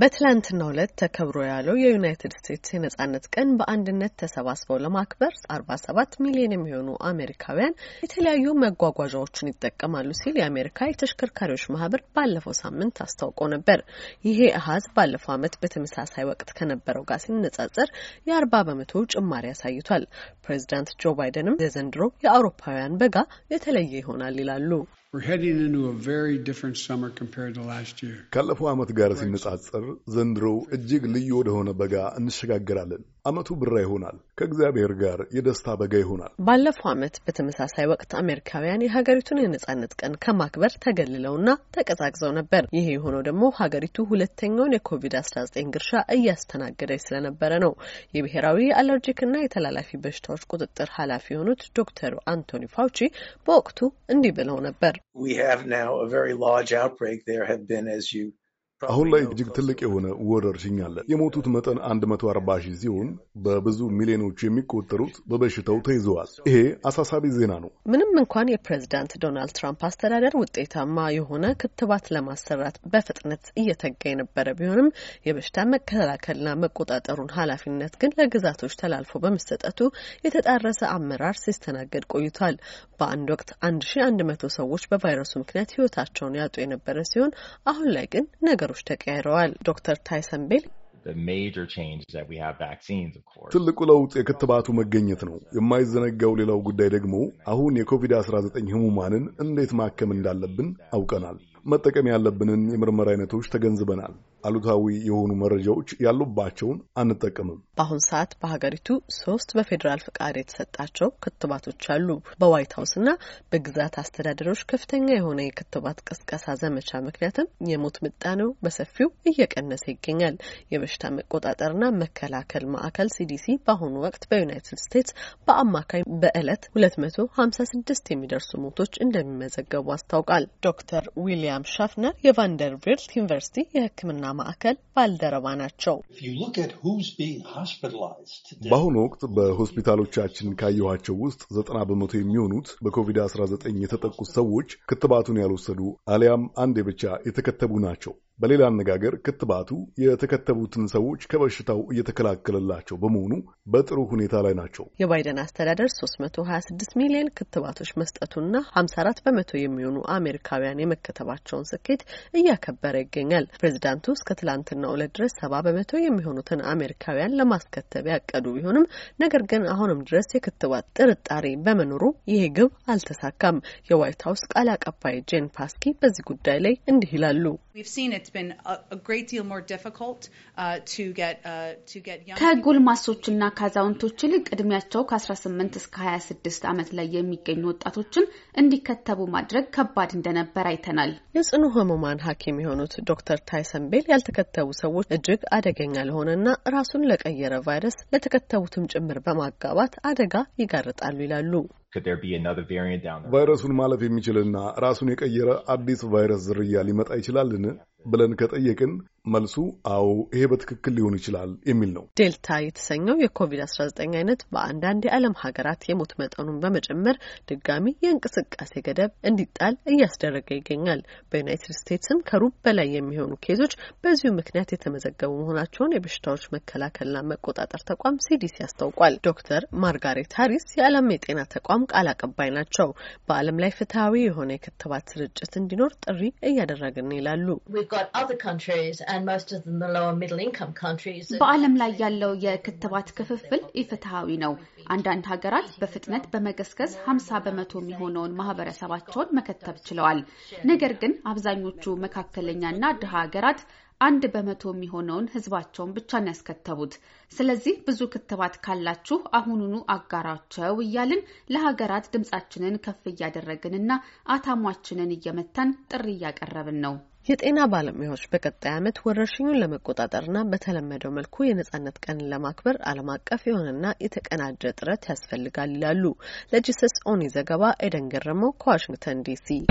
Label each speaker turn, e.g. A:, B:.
A: በትላንትና ዕለት ተከብሮ ያለው የዩናይትድ ስቴትስ የነጻነት ቀን በአንድነት ተሰባስበው ለማክበር አርባ ሰባት ሚሊዮን የሚሆኑ አሜሪካውያን የተለያዩ መጓጓዣዎችን ይጠቀማሉ ሲል የአሜሪካ የተሽከርካሪዎች ማህበር ባለፈው ሳምንት አስታውቆ ነበር። ይሄ አሀዝ ባለፈው ዓመት በተመሳሳይ ወቅት ከነበረው ጋር ሲነጻጸር የአርባ በመቶ ጭማሪ አሳይቷል። ፕሬዚዳንት ጆ ባይደንም የዘንድሮ የአውሮፓውያን በጋ የተለየ ይሆናል ይላሉ።
B: ካለፈው ዓመት ጋር ሲነጻጸር ዘንድሮው እጅግ ልዩ ወደሆነ በጋ እንሸጋግራለን። አመቱ ብራ ይሆናል። ከእግዚአብሔር ጋር የደስታ በጋ ይሆናል።
C: ባለፈው
A: አመት በተመሳሳይ ወቅት አሜሪካውያን የሀገሪቱን የነጻነት ቀን ከማክበር ተገልለውና ተቀዛቅዘው ነበር። ይሄ የሆነው ደግሞ ሀገሪቱ ሁለተኛውን የኮቪድ-19 ግርሻ እያስተናገደች ስለነበረ ነው። የብሔራዊ አለርጂክና የተላላፊ በሽታዎች ቁጥጥር ኃላፊ የሆኑት ዶክተር አንቶኒ ፋውቺ በወቅቱ እንዲህ ብለው ነበር።
B: አሁን ላይ እጅግ ትልቅ የሆነ ወረርሽኝ አለ። የሞቱት መጠን 140 ሺህ ሲሆን በብዙ ሚሊዮኖች የሚቆጠሩት በበሽታው ተይዘዋል። ይሄ አሳሳቢ ዜና ነው።
A: ምንም እንኳን የፕሬዚዳንት ዶናልድ ትራምፕ አስተዳደር ውጤታማ የሆነ ክትባት ለማሰራት በፍጥነት እየተጋ የነበረ ቢሆንም የበሽታ መከላከልና መቆጣጠሩን ኃላፊነት ግን ለግዛቶች ተላልፎ በመሰጠቱ የተጣረሰ አመራር ሲስተናገድ ቆይቷል። በአንድ ወቅት 1100 ሰዎች በቫይረሱ ምክንያት ህይወታቸውን ያጡ የነበረ ሲሆን አሁን ላይ ግን ነገር ነገሮች ተቀያይረዋል። ዶክተር ታይሰን ቤል
B: ትልቁ ለውጥ የክትባቱ መገኘት ነው። የማይዘነጋው ሌላው ጉዳይ ደግሞ አሁን የኮቪድ-19 ህሙማንን እንዴት ማከም እንዳለብን አውቀናል። መጠቀም ያለብንን የምርመራ አይነቶች ተገንዝበናል። አሉታዊ የሆኑ መረጃዎች ያሉባቸውን አንጠቀምም።
A: በአሁን ሰዓት በሀገሪቱ ሶስት በፌዴራል ፍቃድ የተሰጣቸው ክትባቶች አሉ። በዋይት ሀውስና በግዛት አስተዳደሮች ከፍተኛ የሆነ የክትባት ቅስቀሳ ዘመቻ ምክንያትም የሞት ምጣኔው በሰፊው እየቀነሰ ይገኛል። የበሽታ መቆጣጠርና መከላከል ማዕከል ሲዲሲ በአሁኑ ወቅት በዩናይትድ ስቴትስ በአማካይ በዕለት ስድስት የሚደርሱ ሞቶች እንደሚመዘገቡ አስታውቃል። ዶክተር ዊሊያም ሚሪያም ሻፍነር የቫንደርቢልት ዩኒቨርሲቲ የሕክምና ማዕከል ባልደረባ ናቸው።
B: በአሁኑ ወቅት በሆስፒታሎቻችን ካየኋቸው ውስጥ ዘጠና በመቶ የሚሆኑት በኮቪድ-19 የተጠቁት ሰዎች ክትባቱን ያልወሰዱ አሊያም አንዴ ብቻ የተከተቡ ናቸው። በሌላ አነጋገር ክትባቱ የተከተቡትን ሰዎች ከበሽታው እየተከላከለላቸው በመሆኑ በጥሩ ሁኔታ ላይ ናቸው።
A: የባይደን አስተዳደር 326 ሚሊዮን ክትባቶች መስጠቱና 54 በመቶ የሚሆኑ አሜሪካውያን የመከተባቸውን ስኬት እያከበረ ይገኛል። ፕሬዚዳንቱ እስከ ትላንትናው ዕለት ድረስ 70 በመቶ የሚሆኑትን አሜሪካውያን ለማስከተብ ያቀዱ ቢሆንም ነገር ግን አሁንም ድረስ የክትባት ጥርጣሬ በመኖሩ ይሄ ግብ አልተሳካም። የዋይት ሀውስ ቃል አቀባይ ጄን ፓስኪ በዚህ ጉዳይ ላይ
C: እንዲህ ይላሉ። ከጎልማሶችና ከአዛውንቶች ይልቅ ዕድሜያቸው ከ18 እስከ 26 ዓመት ላይ የሚገኙ ወጣቶችን እንዲከተቡ ማድረግ ከባድ እንደነበር አይተናል። የጽኑ ህሙማን ሐኪም የሆኑት ዶክተር ታይሰን ቤል ያልተከተቡ ሰዎች እጅግ አደገኛ ለሆነና
A: ራሱን ለቀየረ ቫይረስ ለተከተቡትም ጭምር በማጋባት አደጋ ይጋርጣሉ ይላሉ።
B: ቫይረሱን ማለፍ የሚችልና ራሱን የቀየረ አዲስ ቫይረስ ዝርያ ሊመጣ ይችላልን? ብለን ከጠየቅን መልሱ አዎ፣ ይሄ በትክክል ሊሆን ይችላል የሚል ነው።
A: ዴልታ የተሰኘው የኮቪድ-19 አይነት በአንዳንድ የዓለም ሀገራት የሞት መጠኑን በመጨመር ድጋሚ የእንቅስቃሴ ገደብ እንዲጣል እያስደረገ ይገኛል። በዩናይትድ ስቴትስም ከሩብ በላይ የሚሆኑ ኬዞች በዚሁ ምክንያት የተመዘገቡ መሆናቸውን የበሽታዎች መከላከልና መቆጣጠር ተቋም ሲዲሲ አስታውቋል። ዶክተር ማርጋሬት ሃሪስ የዓለም የጤና ተቋም ቃል አቀባይ ናቸው። በዓለም ላይ ፍትሐዊ የሆነ የክትባት ስርጭት እንዲኖር ጥሪ እያደረግን ይላሉ። በዓለም
C: ላይ ያለው የክትባት ክፍፍል ኢፍትሐዊ ነው። አንዳንድ ሀገራት በፍጥነት በመገስገስ 50 በመቶ የሚሆነውን ማህበረሰባቸውን መከተብ ችለዋል። ነገር ግን አብዛኞቹ መካከለኛና ድሃ ሀገራት አንድ በመቶ የሚሆነውን ህዝባቸውን ብቻ ነው ያስከተቡት። ስለዚህ ብዙ ክትባት ካላችሁ አሁኑኑ አጋራቸው እያልን ለሀገራት ድምጻችንን ከፍ እያደረግንና አታሟችንን እየመታን ጥሪ እያቀረብን ነው።
A: የጤና ባለሙያዎች በቀጣይ ዓመት ወረርሽኙን ለመቆጣጠርና በተለመደው መልኩ የነጻነት ቀንን ለማክበር ዓለም አቀፍ የሆነና የተቀናጀ ጥረት ያስፈልጋል ይላሉ። ለጂሰስ ኦኒ ዘገባ ኤደን ገረመው ከዋሽንግተን ዲሲ